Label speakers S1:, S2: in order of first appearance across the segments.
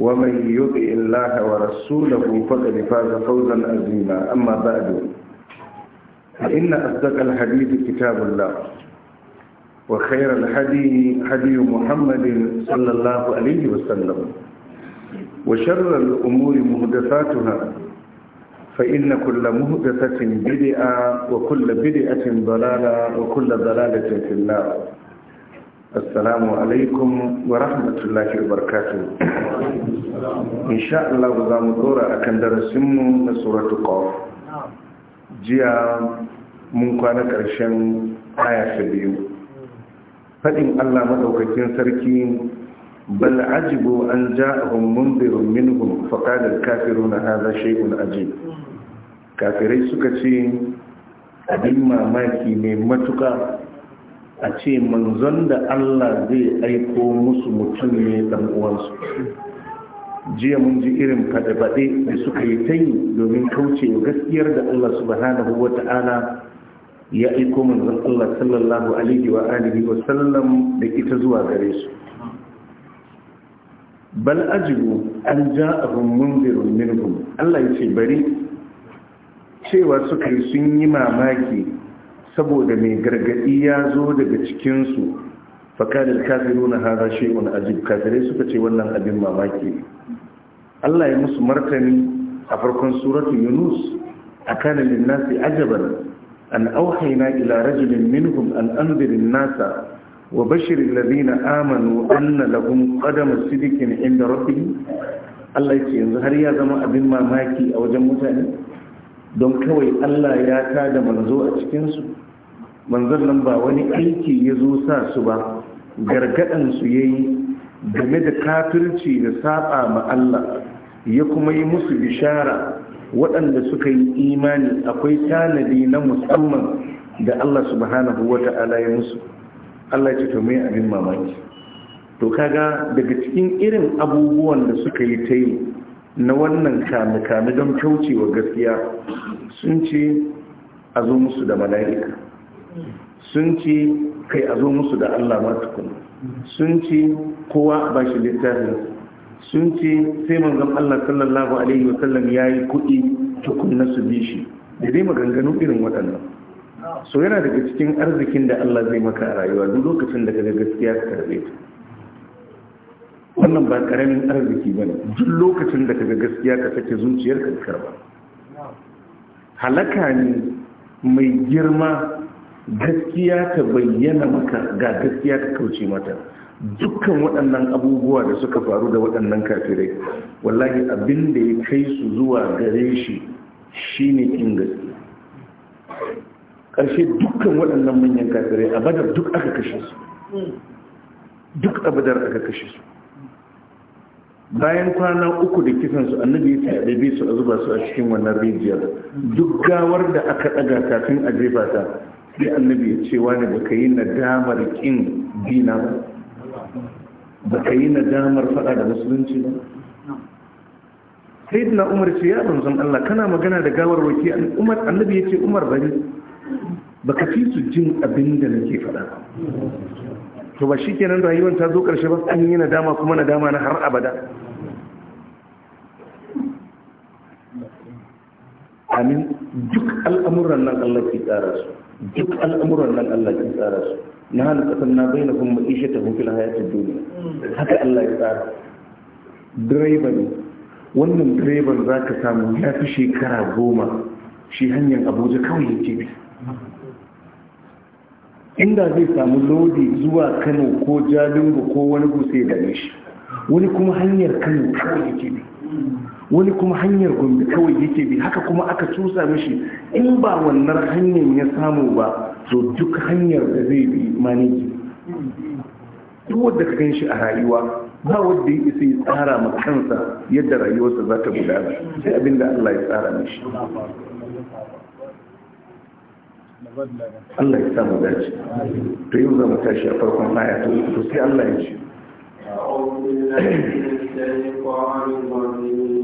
S1: ومن يطع الله ورسوله فقد فاز فوزا عظيما اما بعد فان اصدق الحديث كتاب الله وخير الحديث هدي محمد صلى الله عليه وسلم وشر الامور محدثاتها فان كل محدثه بدعه وكل بدعه ضلاله وكل ضلاله في النار assalamu alaikum wa rahmatullahi wa barakatu insha Allah za mu tsora akan darasinmu na suratul qaf jiya mun kwana ƙarshen aya biyu faɗin Allah maɗaukakin sarki bal ajibu an ja'ahum mundirun minhum faqala kafiru na hadha shay'un aji. kafirai suka ce abin mamaki ne matuƙa. a ce manzon da Allah zai aiko musu mutum ne dan uwansu jiya mun ji irin faɗa-faɗe da suka yi ta yi domin kauce wa gaskiyar da Allah subhanahu wa ta'ala ya aiko manzon Allah sallallahu alaihi wa alihi wa sallam da ita zuwa gare su bal ajibu an ja'ahum munzirun minhum Allah ya ce bari cewa suka yi sun yi mamaki saboda mai gargadi ya zo daga cikinsu fakalar kafiru na shi wani ajib kafirai suka ce wannan abin mamaki allah ya musu martani a farkon suratun yunus a kanin nasi ajabar an auhaina ila rajulin minhum an anzirin nasa wa bashirin lalina amanu anna lagun kadama sidikin inda rafin allah ya ce yanzu har ya zama abin mamaki a wajen mutane don kawai Allah ya tada manzo a cikinsu manzon nan ba wani aiki ya zo sa su ba gargadan su yi game da kafirci da saba ma Allah ya kuma yi musu bishara waɗanda suka yi imani akwai tanadi na musamman da Allah subhanahu wata'ala ya musu Allah ya ce to abin mamaki to kaga daga cikin irin abubuwan da suka yi ta yi na wannan kame-kame don kaucewa gaskiya sun ce a zo musu da mala'ika sun ce kai a zo musu da Allah ma tukun sun ce kowa ba shi littafin sun ce sai manzon Allah sallallahu alaihi wasallam ya yi kuɗi tukunna su bi shi da dai maganganu irin waɗannan so yana daga cikin arzikin da Allah zai maka a rayuwa duk lokacin da kaga gaskiya ka karbe ta wannan ba karamin arziki ba ne duk lokacin da kaga gaskiya ka sake zuciyar ka karba halaka ne mai girma gaskiya ta bayyana maka ga gaskiya ka kauce mata dukkan waɗannan abubuwa da suka faru da waɗannan kafirai wallahi abin da ya kai su zuwa gare shi ne kin gaske. ƙarshe dukkan waɗannan manyan kafirai a badar duk aka kashe su duk a badar aka kashe su bayan kwana uku da kisansu annabi ya bai su a zuba su a cikin wannan rijiyar duk gawar da aka ɗaga kafin a jefa ta sai annabi ya ce wani baka yi nadamar ƙin dina ba ba yi nadamar faɗa da musulunci ba sai na umar ce ya banzan Allah kana magana da gawar waki umar annabi ya ce umar bari Baka fi su jin abin da nake faɗa to ba shi kenan rayuwar ta zo karshe ba an yi nadama kuma nadama na har abada amin duk al'amuran nan Allah ke tsara su duk al'amuran nan Allah ya tsara su na hana kasar na bai na kuma ma'ishe ta hukula hayatun duniya haka Allah ya tsara direba wannan direban za ka samu ya fi shekara goma shi hanyar abuja kawai yake bi inda zai samu lodi zuwa kano ko jalingo ko wani gusa ya dame shi wani kuma hanyar kano kawai yake bi wani kuma hanyar gombe kawai yake bi haka kuma aka cusa mishi in ba wannan hanyar ya samu ba to duk hanyar da zai bi maniki duk wadda ka ganshi a rayuwa ba wadda ya isa ya tsara ma kansa yadda rayuwarsa za ta gudana sai abin da Allah ya tsara mishi Allah ya samu dace to yau za mu tashi a farkon aya to sai Allah ya ce
S2: أعوذ بالله من الشيطان الرجيم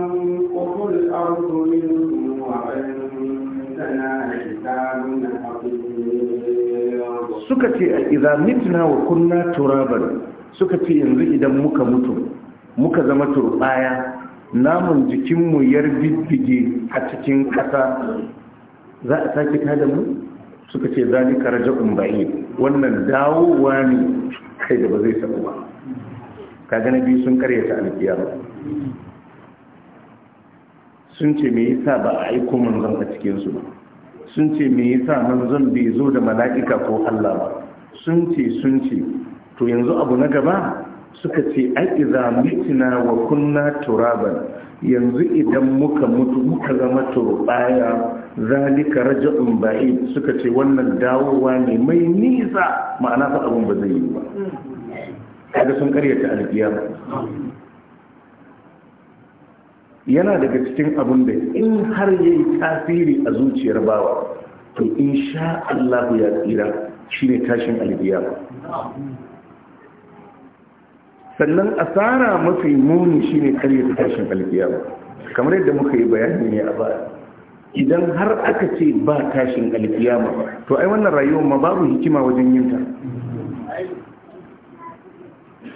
S1: suka ce a izamitina wa kunna turabar suka ce yanzu idan muka mutu muka zama turbaya namun jikinmu yar bibbige a cikin ƙasa za a sake tada mu suka ce za ni raja'un umbayi wannan dawowa ne kai da ba zai sabu ba Ka na biyu sun karyata alkiyama sun ce me yasa ba a aiko manzan a cikinsu su ba sun ce me yasa zan bai zo da mala'ika ko Allah ba sun ce sun ce to yanzu abu na gaba suka ce ai idza mitina wa kunna turaban yanzu idan muka mutu muka zama turbaya zalika raja'un ba'id suka ce wannan dawowa ne mai nisa ma'ana fa abun ba zai yi ba kaga sun karyata alkiyama yana daga cikin abin da in har yi tasiri a zuciyar bawa to in sha Allah ya tsira shine tashin alibiya sannan asara mafi muni shine ta tashin alibiya kamar yadda muka yi bayani ne a baya idan har aka ce ba tashin ba to ai wannan rayuwar ma babu hikima wajen yin ta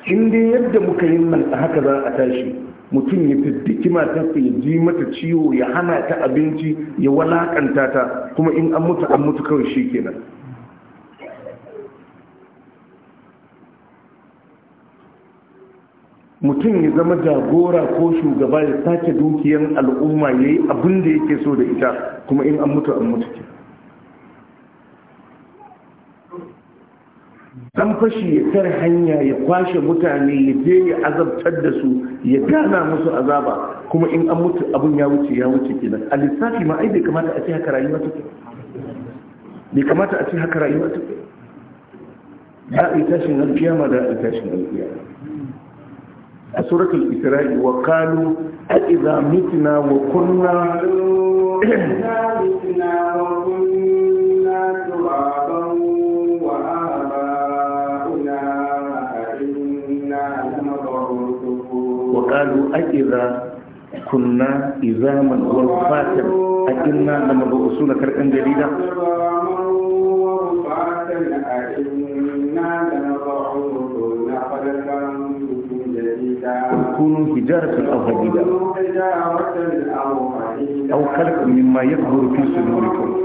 S1: in dai yadda muka yi nan haka za a tashi mutum ya fiddiki matarsa ya ji mata ciwo ya hana ta abinci ya walakanta ta kuma in an mutu an mutu kawai shi kenan mutum ya zama jagora ko shugaba ya sake dukiyan al'umma ya yi abin da yake so da ita kuma in an mutu an mutu fashi ya tare hanya ya kwashe mutane ya je ya azabtar da su ya gana musu azaba kuma in an mutu abun ya wuce ya wuce kenan a lissafi ma ai bai kamata a ce haka rayuwa take bai kamata a ce haka rayuwa take ya a yi tashin alfiya ma da a yi tashin alfiya. a suratul isra'i wa kalu a idza wa kunna
S2: قالوا أئذا
S1: كنا إزاما والخاتم أئنا لمبعوثون كرئا جديدا
S2: كونوا حجارة أو حديدا أو خلق مما يكبر في صدوركم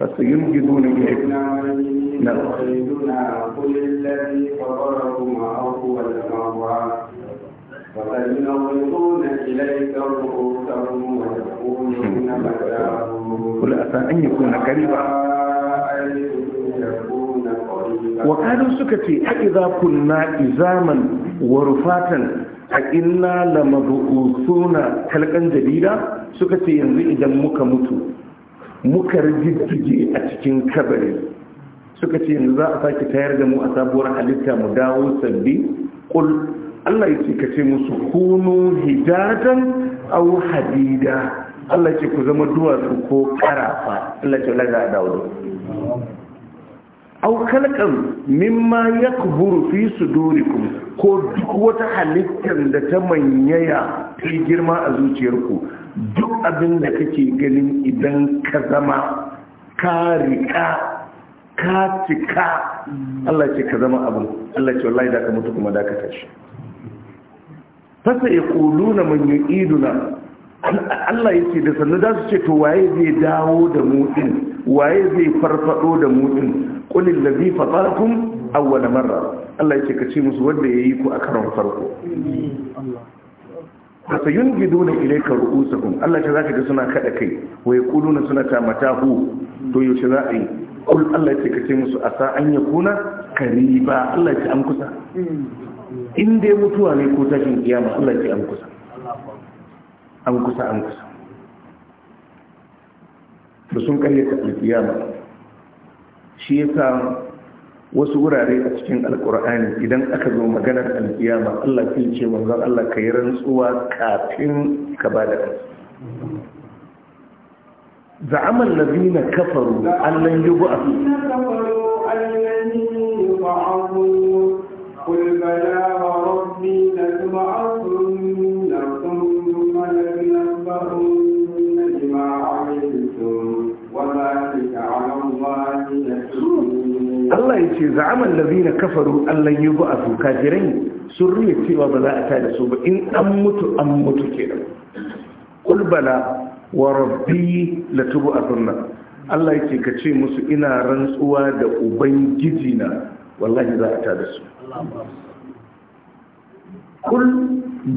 S2: فسينجدون إليكم يخرجنا قل الذي أن يكون قريبا وقالوا
S1: سكتي أإذا كنا إزاما ورفاتا a inna la جديدا سكتي jadida suka ce yanzu idan muka mutu muka rijiddige suka ce yanzu za a sake tayar da mu a sabuwar halitta mu dawo sabbi kul Allah ya ce ka ce musu kunu hijadan au hadida Allah ya ce ku zama duwatsu ko karafa Allah ya ce a dawo aw kalkan mimma yakburu fi sudurikum ko duk wata halittar da ta manyaya ta girma a zuciyarku duk abin da kake ganin idan ka zama ka riƙa ka cika Allah ce ka zama abu Allah ce wallahi da ka mutu kuma da ka tashi fasa ya kuluna mun yi iduna Allah ya ce da sannu za su ce to waye zai dawo da mu din waye zai farfado da mu din qul allazi fatarakum awwal marra Allah ya ce ka ce musu wanda yayi ku a karon farko fasa ka ilayka ru'usakum Allah ce zaka ga suna kada kai waye kuluna suna ta matahu to yaushe za a yi kul Allah ya ce kace musu sa, an ya kuna kariba Allah ya ce an kusa in dai mutuwa ne ko tashin kiyama Allah ya ce an kusa an kusa an kusa to sun karyata alkiyama shi yasa wasu wurare a cikin alkur'ani idan aka zo maganar alkiyama Allah ya ce manzon Allah ka yi rantsuwa kafin ka bada kansa da amal labina kafaru an nan yi bu'a
S2: su Allah ya ce
S1: za'aman labina kafaru Allah yi bu'a su kajiran sun riya cewa ba za a tada su ba in an mutu an mutu ke da kulbala wa rabbi a azunna Allah yake ka ce musu ina rantsuwa da ubangiji na wallahi za a tada su kul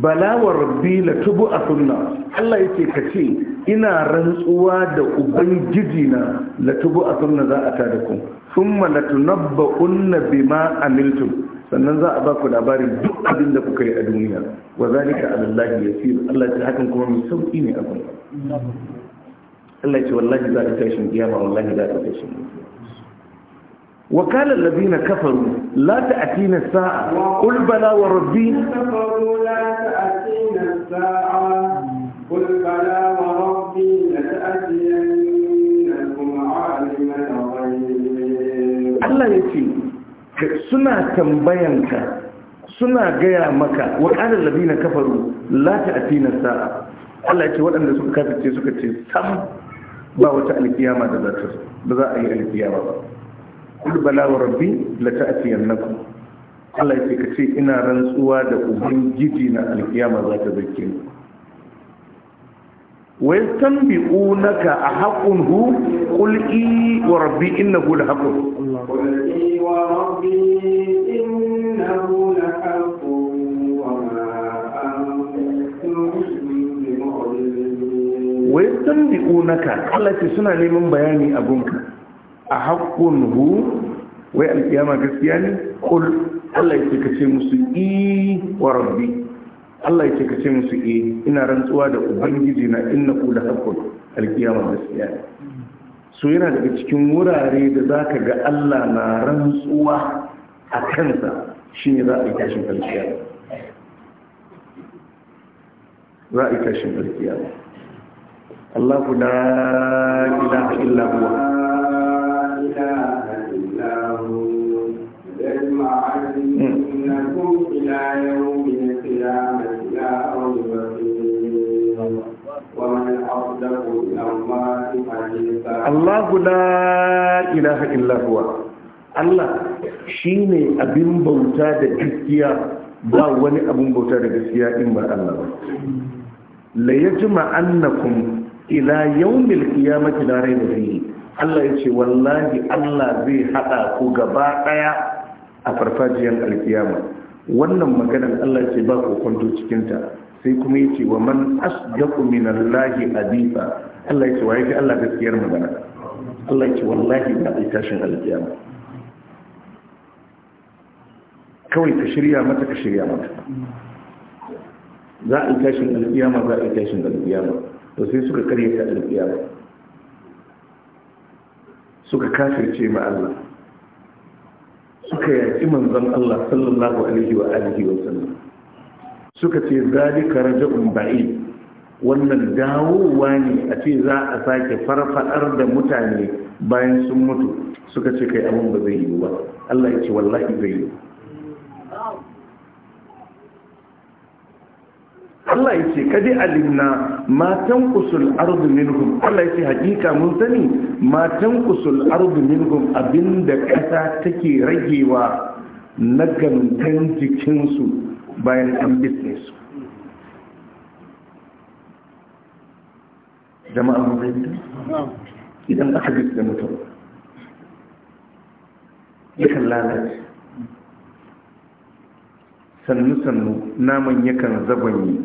S1: bala wa rabbi a azunna Allah yake ka ce ina rantsuwa da ubangiji na tubu a azunna za a tada ku thumma latunabba'unna bima amiltum sannan za a ba ku labarin duk abin da kuka yi a duniya wa zalika ya yasir Allah ce hakan kuma mai sauki ne a gurin Allah ce wallahi za ta tashin kiyama wallahi za ta tashin wa qala alladhina kafaru la ta'tina as-sa'a qul bala wa rabbi
S2: kafaru la ta'tina as-sa'a qul bala wa rabbi la ta'tina Allah ya ce
S1: suna tambayanka suna gaya maka wa labi na kafaru lati a tinar sa'a Allah ya ce waɗanda suka kafice suka ce sam ba wata alkiyama da za a yi alkiyama ba kul bala wa rabbi la ta'tiyannakum Allah ya ce ka ce ina rantsuwa da ubangiji na alkiyama za ta zake ni wai tambi'unaka a haƙun hu ƙul'i wa rabbi innahu la haƙun
S2: ƙul'i wa rabbi innahu la haƙun wa
S1: yastanbi'unaka Allah suna neman bayani a gunka a haƙƙun hu wai alƙiyama gaskiya ne kul Allah ka ce musu i wa rabbi Allah ya ce ka ce musu eh ina rantsuwa da ubangiji na inna kula hakkun alkiyama gaskiya so yana daga cikin wurare da za ka ga Allah na rantsuwa a kansa shi ne za a yi tashin alkiyama za a yi tashin alkiyama Allah ku na, ila illa huwa
S2: Mm. Allahu
S1: la ilaha illa huwa Allah ne abin bauta da gaskiya ba wani abin bauta da gaskiya in ba Allah ba la yajma annakum ila yawmil qiyamati la rayba fihi Allah yace wallahi Allah zai haɗa ku gaba daya a farfajiyar alkiyama wannan maganar Allah ce ba ku kwanto cikin sai kuma yace wa man asdaqu min Allahi haditha Allah ce, wa yace Allah gaskiyar magana Allah ce, wallahi da tashin alkiyama kawai ka shirya mata ka shirya mata za a tashin alkiyama za a tashin alkiyama to sai suka karye ta alkiyama suka kafirce ma Allah suka yaki manzon Allah sallallahu alaihi wa alihi wa sallam suka ce zalika raja'un ba'i wannan dawowa ne a ce za a sake farfadar da mutane bayan sun mutu suka ce kai abin ba zai yi ba Allah ya ce wallahi zai yi Allah ya ce kadi alimna matan kusul ardu minhum Allah ya ce hakika mun sani matan kusul ardu minhum abinda kasa take ragewa na gamtan jikinsu bayan an bisne su jama'a mabaita idan aka bisne mutum yakan lalace sannu-sannu naman yakan zagonye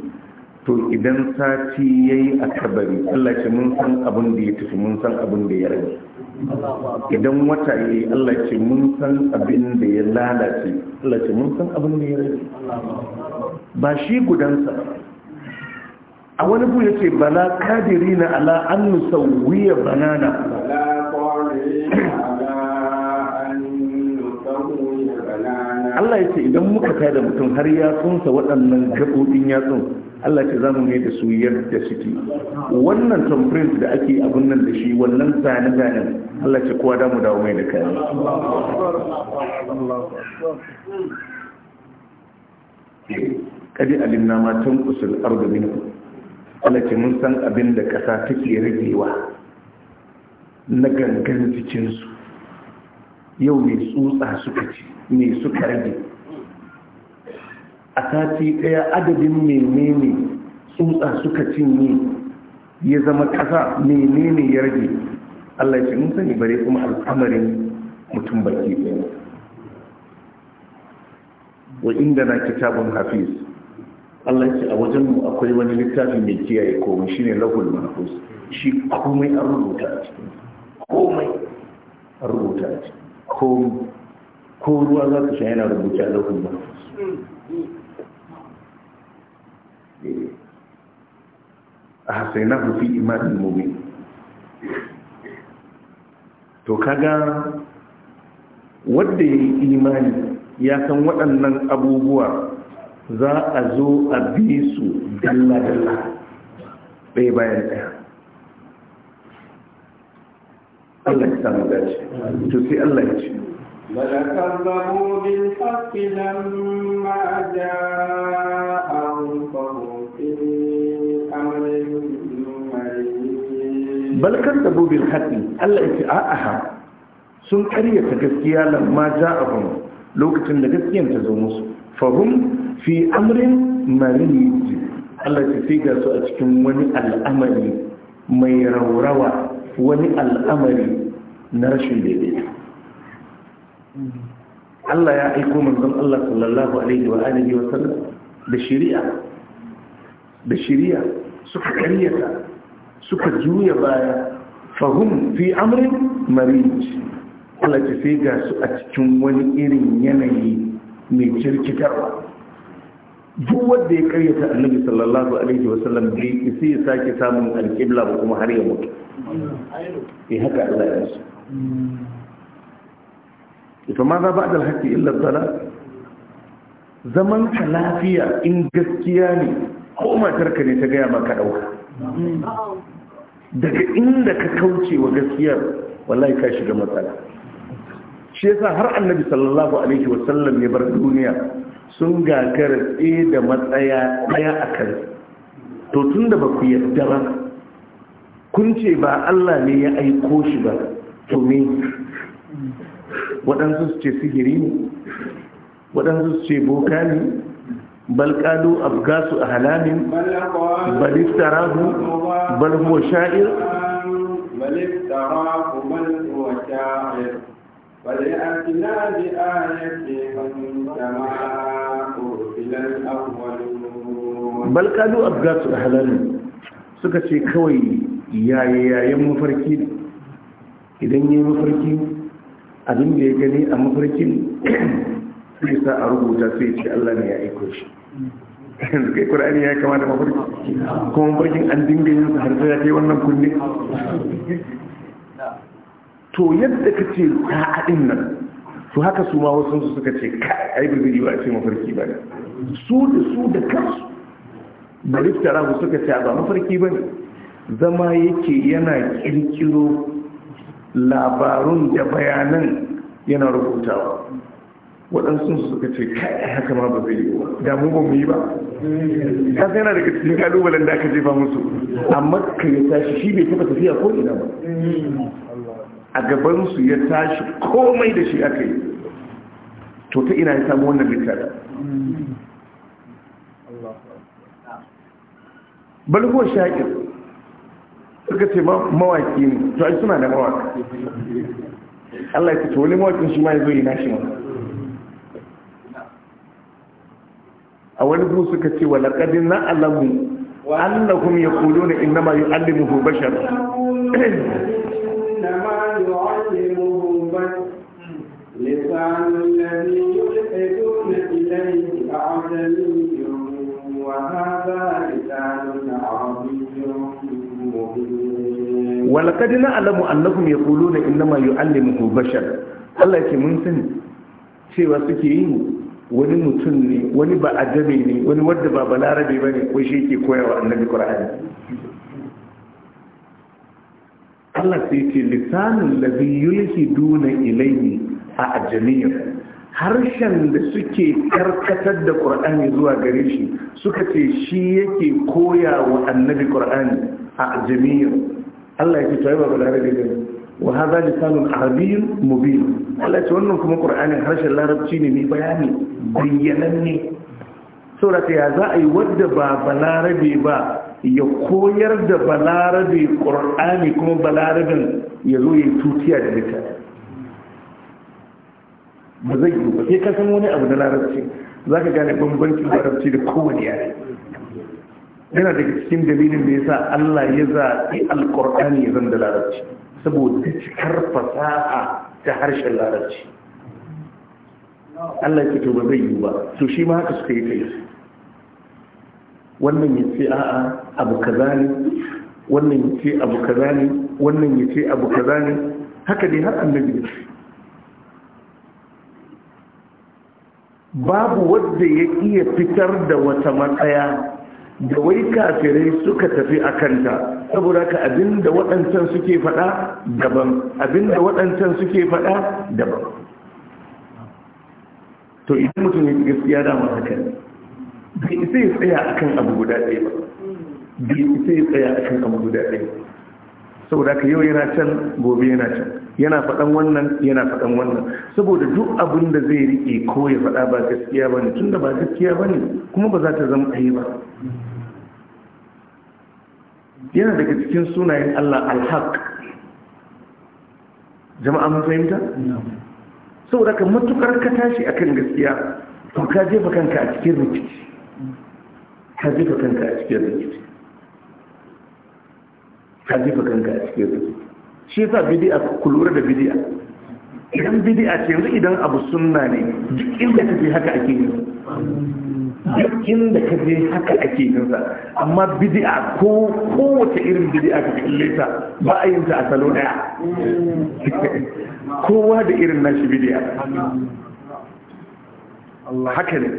S1: to idan sati ya yi a kabari allah ce mun san abin da ya tafi mun san abin da ya rage idan wata yi Allah ce mun san abin da ya lalace Allah ce mun san abin da ya rage ba shi gudansa a wani bu ya ce bala kadiri na ala an nusawiya banana
S2: Allah ya ce idan muka kai da mutum
S1: har ya yatsunsa waɗannan gaɓoɓin yatsun Allah ce zamu ne da su yadda suke wannan tamprint da ake abun nan da shi wannan zane zane Allah ce kowa da mu dawo mai da kayan kadi alimna ma kusur ardu min Allah ce mun san abin da kasa take rigewa na gangan jikinsu yau ne tsutsa suka ci ne suka rage a sati ɗaya adadin menene tsutsa suka cinye ya zama ƙasa menene ya rage Allah ya ce mun sani bare kuma al'amarin mutum baki ɗaya wa inda na kitabun hafiz Allah ya ce a wajen mu akwai wani littafi mai kiyaye komai shine lahul mahfuz shi komai an rubuta a cikin komai an rubuta a cikin ko ruwa za ka sha yana rubuta lahul
S3: mahfuz
S1: ahsaynahu fi imanin mubin to kaga wanda yayi imani ya san waɗannan abubuwa za a zo a bi su dalla-dalla ɗaya bayan ɗaya Allah ya samu dace to sai Allah ya ce
S2: لَكَذَّبُوا بِالْحَقِّ لَمَّا جَاءَ balkan da bobin haɗi allah ya
S1: ce a'aha sun karyata gaskiya lamma hun lokacin da gaskiyan ta zo musu fahim fi amrin mariji allah ya ce ga su a cikin wani al'amari mai raurawa wani al'amari na rashin daidai. Allah ya aiko manzon Allah sallallahu alaihi wa alihi wa sallam da shari'a da shari'a suka karyata. suka juya baya fahim fi amrin marij Allah ta sai ga su a cikin wani irin yanayi mai kirkitarwa duk wanda ya karyata annabi sallallahu alaihi wasallam bai isa ya sake samun alƙibla ba kuma har ya mutu
S3: eh haka Allah ya
S1: so ita ma za ba da haƙƙi illa zala Zamanta lafiya in gaskiya ne ko matarka ne ta gaya maka ɗauka daga inda ka kauce wa gaskiyar wallahi ka shiga matsala shi yasa har annabi sallallahu alaihi wasallam ya bar duniya sun gagara tsaye da matsaya daya a kan to tun da ba ku yadda ba kun ce ba Allah ne ya aiko shi ba to me waɗansu su ce sihiri ne waɗansu su ce boka ne بل قالوا أبقاس أهلان بل افتراه بل هو شائر
S2: بل افتراه بل هو شاعر فليأتنا بآية كما أرسل الأول بل قالوا أبقاس أهلان
S1: سكتي كوي يا يا يا يا مفركين إذن يا مفركين da ya جني أمفركين sai sa a rubuta sai ce Allah ne ya aiko shi yanzu kai ƙur'ani ya kama da mafarki kuma mafarkin an dinga yin sa har sai ya kai wannan kunne to yadda ka ce haɗin nan to haka su ma wasu su suka ce ai ba zai yi ba a ce mafarki ba ne su da su da kansu da riftara su suka ce ba mafarki ba ne zama yake yana kirkiro labarun da bayanan yana rubutawa waɗansu suka ce kai haka ma ba zai yi da mu ba mu yi ba ta sai yana daga cikin kalubalen da aka jefa musu amma ka ya tashi shi bai taɓa tafiya ko ina ba a gabansu ya tashi komai da shi aka yi to ta ina ya samu wannan littafi balgo shakir suka ce mawaki ne to ai suna da mawaka Allah ya ce to wani mawakin shi ma ya zo yi nashi ma. a wani su suka ce wa laƙadin na alamu annahum ya kulo na inna ma yi allimin hubashar
S2: walakadi na
S1: alamu annahum ya kulo na inna ma yi allimin hubashar allah ke mun sani cewa suke yi wani mutum ne wani ba ajabe ne wani wadda ba balarabe ba ne ko shi ke koyawa annabi qur'ani Allah sai ce lisanul ladhi duna ilayhi a ajamiyya harshen da suke karkatar da Qur'ani zuwa gare shi suka ce shi yake koyawa annabi Qur'ani a Allah ya ce to ba balarabe wa hadha lisanun arabiyyun mubin Allah ce wannan kuma Qur'anin harshen larabci ne mai bayani bayyananne saboda ya za ayi wanda ba balarabe ba ya koyar da balarabe Qur'ani kuma balarabin ya zo ya tutiya da ita ba zai yi ba sai wani abu na larabci za ka gane bambancin larabci da kowane yana daga cikin dalilin da ya sa Allah ya zaɓi alƙur'ani ya zan da larabci saboda cikar fasaha ta harshen larabci Allah ya to ba zai yi ba to shi ma haka suka yi yi. wannan ya ce a'a abu kaza ne wannan ya ce abu kaza ne wannan ya ce abu kaza ne haka dai har annabi ya babu wadda ya iya fitar da wata matsaya da wai kafirai suka tafi a kanta saboda ka abinda waɗancan suke faɗa daban abinda waɗancan suke faɗa daban to idan mutum yake gaskiya dama haka bai isa ya tsaya kan abu guda ɗaya ba bai isa ya tsaya kan abu guda ɗaya saboda ka yau yana can gobe yana can yana faɗan wannan yana faɗan wannan saboda duk abin da zai riƙe ko ya faɗa ba gaskiya ba ne tun da ba gaskiya ba ne kuma ba za ta zama ɗaya ba yana daga cikin sunayen Allah alhaq jama'a mun fahimta saboda ka matukar ka tashi akan gaskiya to ka jefa kanka a cikin rikici ka jefa kanka a cikin rikici ka jefa kanka a cikin rikici shi yasa bid'a ku lura da bid'a idan bidi'a ce yanzu idan abu sunna ne duk inda ka je haka ake yin duk inda ka je haka ake yin sa amma bidi'a ko kowace irin bidi'a ka kalle ta ba a yin ta a salo daya kowa da irin nashi bidi'a haka ne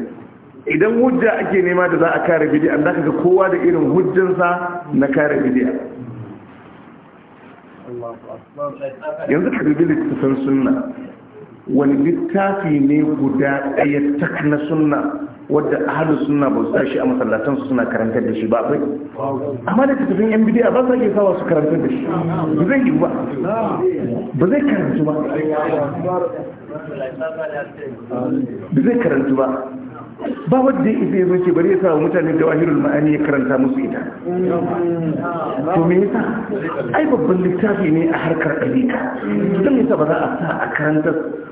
S1: idan hujja ake nema da za a kare bidi'a za ka ga kowa da irin hujjansa na kare bidi'a yanzu ka dubi littafin sunna wani littafi ne guda ɗaya tak na sunna wadda ahalus sunna ba su tashi a matsalatan suna karantar da shi ba bai amma da littafin yan bidiyar ba sa ke sawa su karantar da shi ba zai yi ba ba zai karanta ba ba zai karantu ba ba wadda ya isa ya zo ce bari ya sa mutane da wahirul ma'ani ya karanta musu ita
S2: to me yasa ai babban littafi
S1: ne a harkar ɗariƙa don yasa ba za a sa a karanta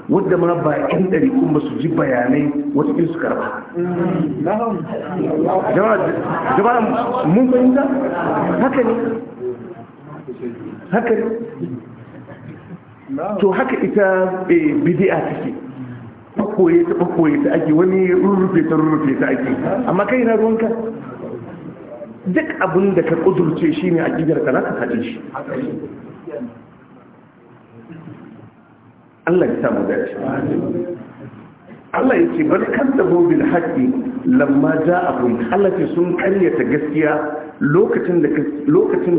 S1: wadda ma ba yan dari kun ba su ji bayanai wata su karba jama'a mun fahimta haka ne haka ne to haka ita eh, bidi'a take ɓakoye ta ɓakoye ta ake wani rurrufe ta rurrufe ta ake amma kai na ruwanka duk abin da ka ƙudurce shi ne a ƙidar ka naka ka shi Allah ya samu dace Allah ya ce kan da bobin haƙi lamma Allah ce sun karyata gaskiya lokacin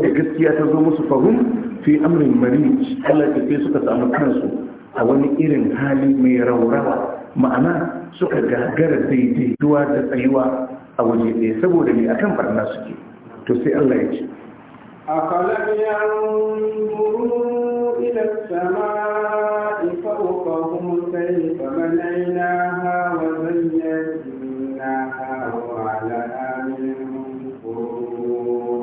S1: da gaskiya ta zo musu fahim fi amrin marij Allah ya ce suka samu kansu a wani irin hali mai raurawa ma'ana suka gagara daidaituwa da tsayuwa a waje ɗaya saboda ne akan barna suke to sai Allah ya ce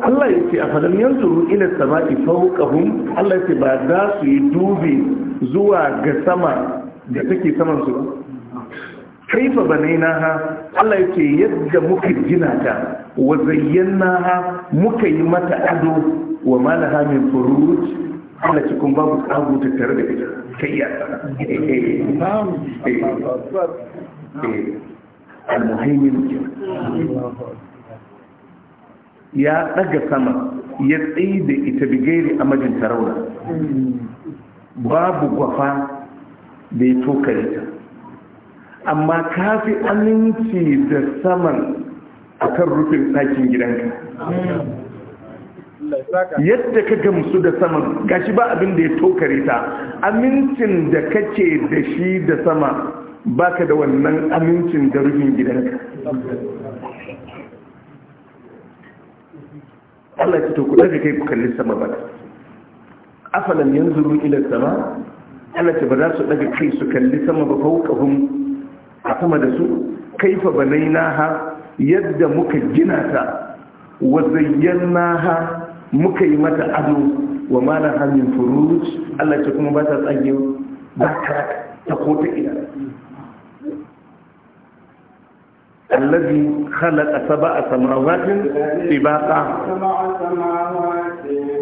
S1: Allah ya ce a faɗin yanzu ila sama'i fawqahum Allah ya ce ba za su yi dubi zuwa ga sama da take saman su kaifa ha Allah yake yadda muka gina ta wa zayyana ha, muka yi mata ado wa malaha min furuj Allah cikin babu tsago ta tare da ita kai ya eh, al ya daga sama ya tsaye da ita bigairi a majin tarauna babu gwafa da ya toka ta amma ka fi aminci da saman akan rufin ɗakin gidanka yadda ka gamsu da saman gashi ba abin da ya toka ta amincin da kake da shi da sama baka da wannan amincin da rufin gidanka Allah ya fito ku da kai ku kalli sama ba afalam yanzuru ila sama Allah ce ba za su daga kai su kalli sama ba fawqahum a sama da su kaifa banainaha yadda muka gina ta wa zayyanaha muka yi mata ado wa ma laha min furuj Allah ce kuma ba ta tsage ba ta ta ko ta ina الذي خلق سبع سماوات سباقا سبع
S2: سماوات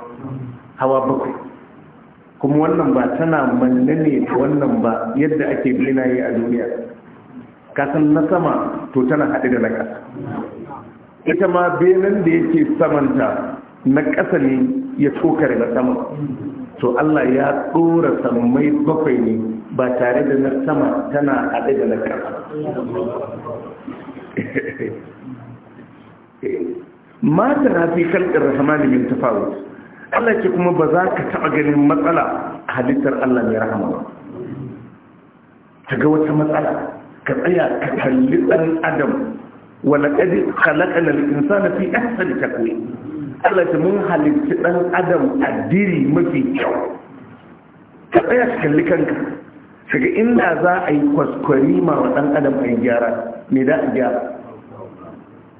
S1: hawa bakwai kuma wannan ba tana manne ne da wannan ba yadda ake benaye a duniya kasan na sama to tana haɗe da na ƙasa ita ma benin da yake samanta na ƙasa ne ya tokare na sama to Allah ya ɗora samai bakwai ne
S3: ba tare da na sama tana haɗe da na ƙasa
S1: eh, mata na fi kalƙar rahamani min tafawut Allah ce kuma ba za ka taɓa ganin matsala a halittar Allah mai rahama ba ta ga wata matsala ka tsaya ka kalli ɗan adam walaƙadi sa na fi ɗansa da takwai Allah ce mun halitti ɗan adam a diri mafi kyau ka tsaya ka kalli kanka ga inda za a yi kwaskwari ma wa ɗan adam a yi gyara me da a gyara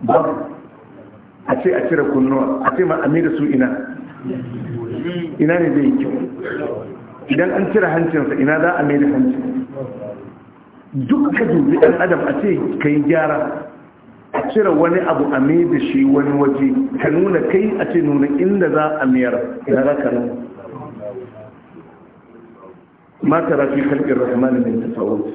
S1: ba a ce a cire kunnuwa a ce ma a da su ina ina ne zai yi kyau idan an cire hancinsa ina za a mai da hancin duk ka dubi ɗan adam a ce ka yi gyara a cire wani abu a mai da shi wani waje ka nuna kai a ce nuna inda za a mayar ina za ka nuna ma ta rafi kalbin rahmanu mai tasawuf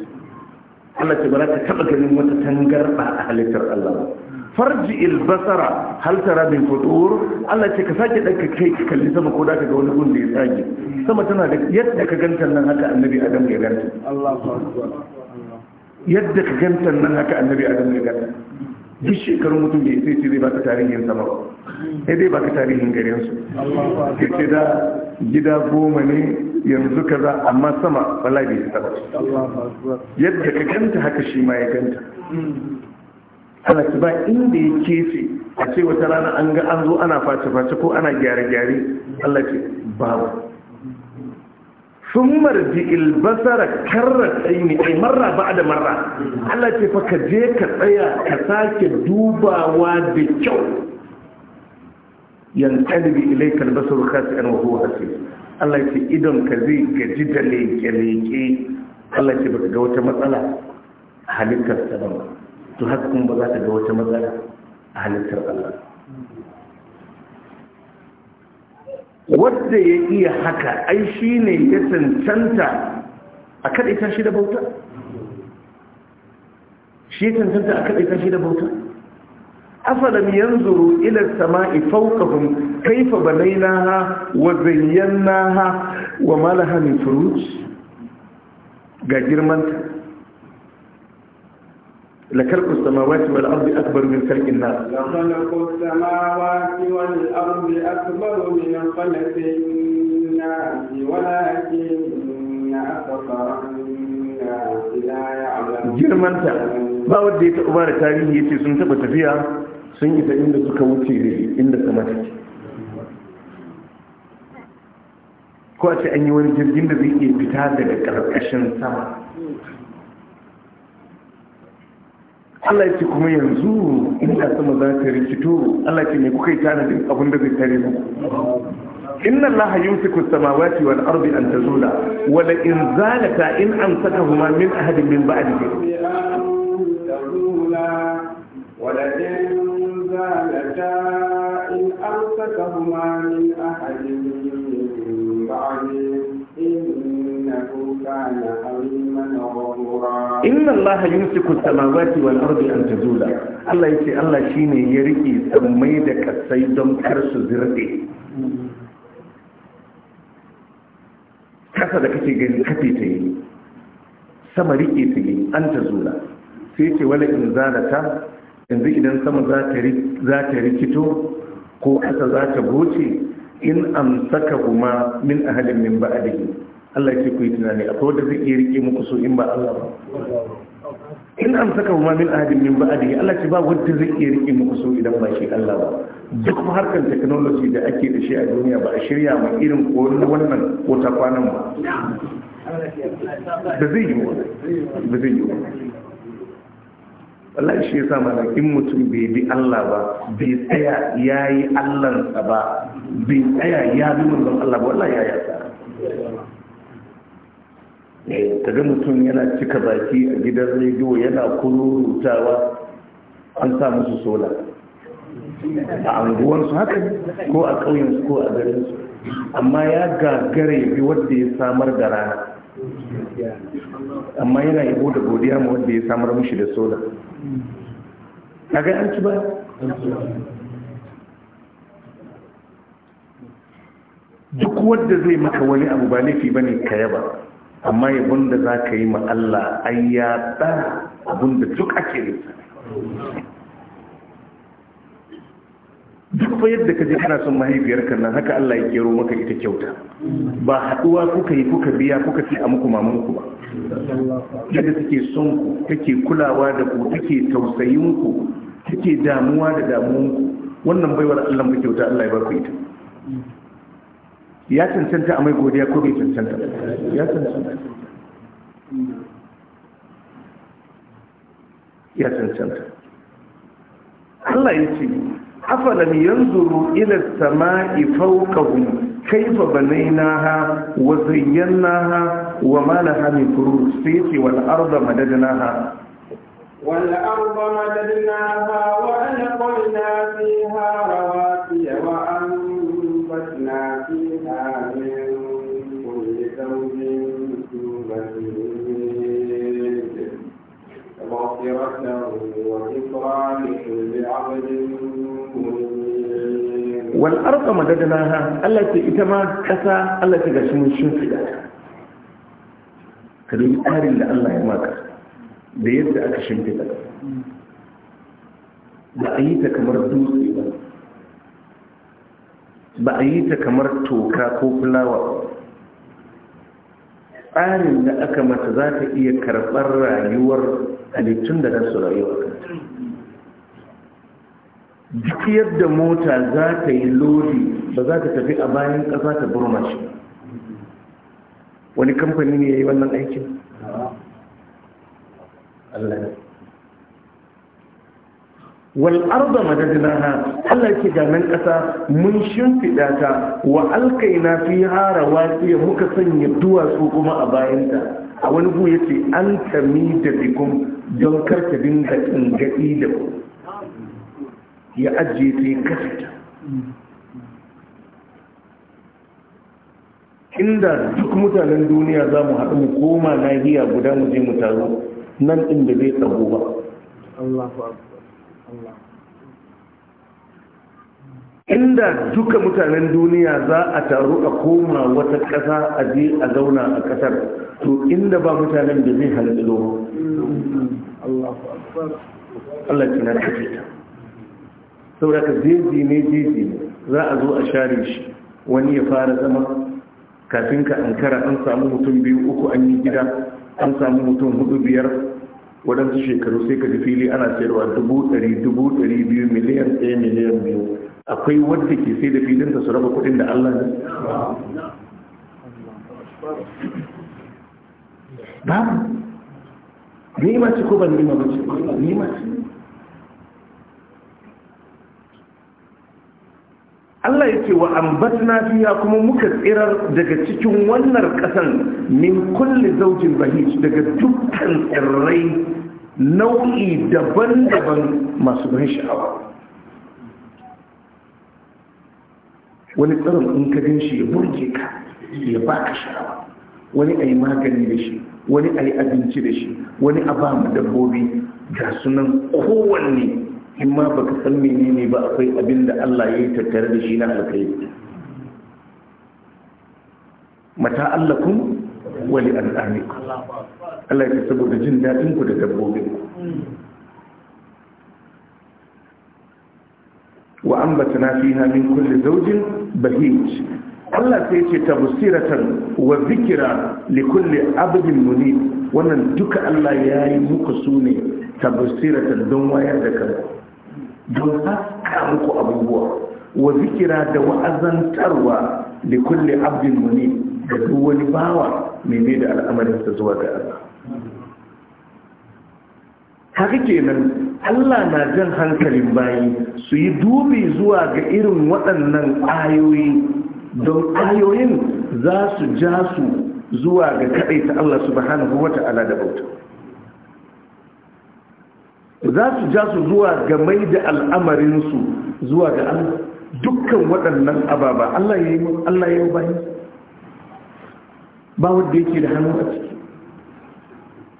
S1: Allah ce ba za ka taɓa ganin wata tangarɓa a halittar Allah farji ilbasara hal tara min futur Allah ce ka sake ɗanka kai ka kalli sama ko da ka ga wani gun da ya sake sama tana da yadda ka ganta nan haka annabi adam ya ganta yadda ka ganta nan haka annabi adam ya ganta duk shekarun mutum da ya sai ce zai baka tarihin sama ba sai zai baka tarihin garin su ya ce da gida goma ne yanzu kaza amma sama Bala bai ta yadda ka ganta haka shi ma ya ganta
S3: hmm.
S1: ana ci ba inda ya kefe a ce wata rana an ga an zo ana face-face ko ana gyare-gyare Allah ce babu sun marji ilbasara karra tsaini ai marra ba da marra Allah ce fa ka je ka tsaya ka sake dubawa da kyau yankalibi ilai kalbasar kasi an wahu hasi Allah ce idon ka zai gaji da leke-leke Allah ce ba ga wata matsala halittar ta ba to haka kuma ba za ta ga wata matsala a halittar Allah wadda ya iya haka ai shi ne ya cancanta a kaɗaita shi da bauta shi ya cancanta a kaɗaita shi da bauta afalam yanzuru ila samai fawqahum kayfa banaynaha wa zayyanaha wa ma laha min furuj ga girmanta لكلك السماوات والأرض أكبر من خلق الناس لخلق
S2: السماوات والأرض أكبر من خلق الناس ولكن أكثر girman ta ba
S1: wadda ya taɓa da tarihi ya ce sun taɓa tafiya sun isa inda suka wuce inda sama take ko a ce an yi wani jirgin da zai iya fita daga ƙarƙashin sama Allah ya kuma yanzu inda sama za ta rikito Allah ce me kuka yi tanadin abin da zai tare mu inna Allah yumsiku samawati wal ardi an tazula wa la in zalata in amsakahuma min ahadin min ba'dihi
S2: ولئن زالتا إن أمسكهما من inna Allah yumsiku samawati wal ardi an tazula Allah
S1: yace Allah shine ya rike sammai da kasai don kar su zirde kasa da kake gani kafe ta yi sama rike ta yi an tazula sai ce wala in zalata yanzu idan sama za ta rikito ko kasa za ta goce in amsaka kuma min ahalin min ba'adihi Allah ya ce ku yi tunani akwai wanda zai iya rike muku so in ba Allah ba in an saka ma min ahadin min ba'adihi Allah ce ba wanda zai iya rike muku so idan ba shi Allah ba duk harkar technology da ake da shi a duniya ba a shirya ma irin ko wannan ko ta kwanan ba
S3: ba zai yi ba ba zai yi ba
S1: Allah shi yasa mana in mutum bai bi Allah ba bai tsaya yayi Allah ba bai tsaya ya bi manzon Allah ba wallahi ya yasa Eh, kaga mutum yana cika baki a gidan rediyo yana kururutawa an sa musu sola
S3: a anguwansu haka ko a
S1: ƙauyensu ko a garinsu amma ya gagare bi wadda ya samar da rana amma yana yabo da godiya ma wadda ya samar mushi da sola kaga an ci ba duk wadda zai maka wani abu ba laifi bane ka yaba amma yabon da za ka yi ma Allah ai ya ɗa abin da duk ake nisa duk fa yadda ka je kana son mahaifiyarka nan haka Allah ya kero maka ita kyauta ba haɗuwa kuka yi kuka biya kuka fi a muku ba yadda take son ku take kulawa da ku take tausayin ku take damuwa da damuwanku wannan baiwar Allah ba kyauta Allah ya ba ku ita ya cancanta a mai godiya ko bai cancanta ya cancanta ya cancanta Allah ya ce afalam yanzuru ila samai fawqahum kayfa banaynaha wa zayyanaha wa ma laha min furuj sayati wal arda madadnaha
S2: wal arda madadnaha wa anqalna fiha rawa wal arda madadnaha Allah ce ita ma kasa Allah ce gashi mun shi fida
S1: kare tsarin da Allah ya maka da yadda aka shi ba a yi ta kamar dutse ba ba a yi ta kamar toka ko fulawa tsarin da aka mata za ta iya karɓar rayuwar halittun da nasu rayuwa duk yadda mota za ta yi lodi ba za ta tafi a bayan ƙasa ta burma shi wani kamfani ne ya yi wannan aikin Allah wal arda madadnaha Allah yake ga nan kasa mun shimfida ta wa alkaina fi fiha rawasiya muka sanya duwatsu kuma a bayanta a wani gu yace an tami da bikum don karka dinga tsingadi da ku ya ajiye sai kasata inda duk mutanen duniya za mu haɗu mu koma nahiya guda mu je mu taro nan inda zai tsago ba inda duka mutanen duniya za a taru a koma wata ƙasa a je a zauna a ƙasar to inda ba mutanen da zai halittu domin Allah kina ta ne jeji za a zo a share shi wani ya fara zama kafin ka ankara an samu mutum biyu uku an yi gida an samu mutum hudu biyar waɗansu shekaru sai ka fili ana sayarwa dubu ɗari dubu ɗari biyu miliyan ɗaya miliyan biyu akwai wadda ke sai da filinsa su raba kuɗin da allah ne ba ni ma ci ko ban ni ma ba ce ni ma ci. Allah ya ce wa ambatna fiya kuma muka tsirar daga cikin wannan ƙasan min kulli zaujin bahij daga dukkan tsirrai nau'i daban-daban masu ban sha'awa wani tsirin in ka gan shi ya burge ka ya baka sha'awa wani a yi magani da shi wani a yi abinci da shi wani a ba mu dabbobi ga sunan kowanne in ma baka san menene ba akwai abin da Allah ya yi tattare da shi na alkhairi mata allakum wali al'amikum Allah ya saboda jin daɗinku ku da dabbobin ku wa ambatna fiha min kulli zaujin bahij Allah sai ce ta tabsiratan wa zikra li kulli abdin munib wannan duka Allah ya yi muku sune tabsiratan don wayar da kanku don haska muku abubuwa wa zikira da wa'azantarwa da kulle abdin muni da duk wani bawa mai mai da al'amarinsa zuwa ga Allah haka kenan Allah na jan hankalin bayi su yi dubi zuwa ga irin waɗannan ayoyi don ayoyin za su ja su zuwa ga kaɗaita Allah subhanahu wa ta'ala da bauta. za su ja su zuwa ga mai da al'amarinsu zuwa ga Allah dukkan waɗannan ababa Allah ya yi Allah ya bayi ba wanda yake da hannu a ciki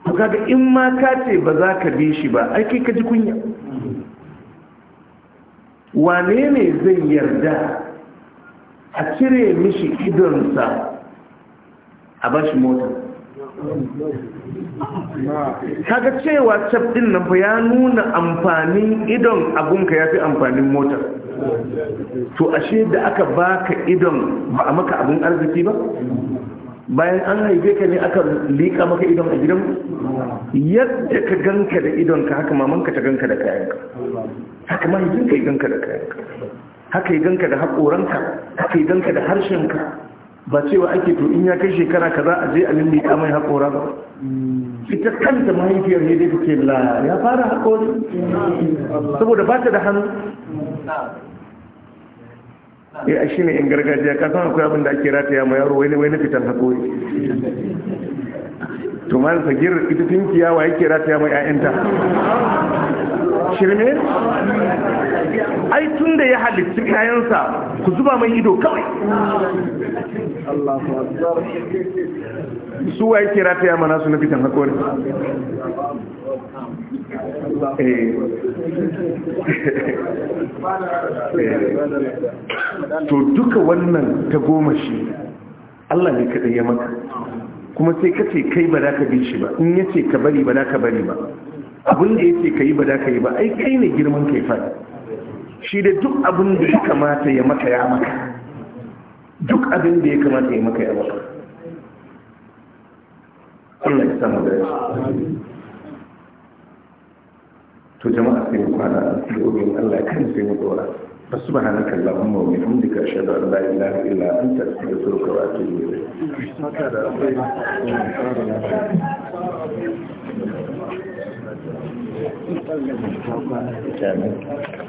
S1: to kaga in ma ka ce ba za ka bi shi ba ai kai ka ji kunya wane ne zai yarda a cire mishi idonsa a bashi mota kaga cewa cap din nan fa ya nuna amfanin idon abunka ya fi amfanin motar to ashe da aka baka idon ba a maka abun arziki ba bayan an haife ka ne aka liƙa maka idon a gidan yadda ka ganka da idon ka haka mamanka ta ganka da kayanka haka mahaifinka ya ganka da kayanka haka ya ganka da haƙoranka haka ya ganka da harshenka ba cewa ake to in ya kai shekara kaza a je a da ya mai haƙora ba ita kanta mahaifiyar ne dai take la ya fara
S2: haƙori saboda
S1: ba ta da hannu ya eh, shi ne yan gargajiya ka san akwai abin da ake rataya mai yaro wai na fitan haƙori to ma da girar ita tinkiya wa yake rataya mai 'ya'yanta shirme ai tun da ya halittu kayansa ku zuba mai ido kawai su wa yake rataya mana su na fitan haƙori eh. eh. to duka wannan ta goma shi Allah ne kaɗa ya maka kuma sai ka ce kai ba za ka bi shi ba in ya ce ka bari ba za ka bari ba abin da ya ce ka yi ba za ka yi ba ai kai ne girman kai fara. shi da duk abin da ya kamata ya maka ya maka
S3: duk abin da ya kamata ya maka
S1: ya maka Allah ya sama da yashi to jama'a sai mu kwana a cikin Allah kan sai mu dora فسبحانك اللهم وبحمدك اشهد ان لا اله الا انت استغفرك واتوب اليك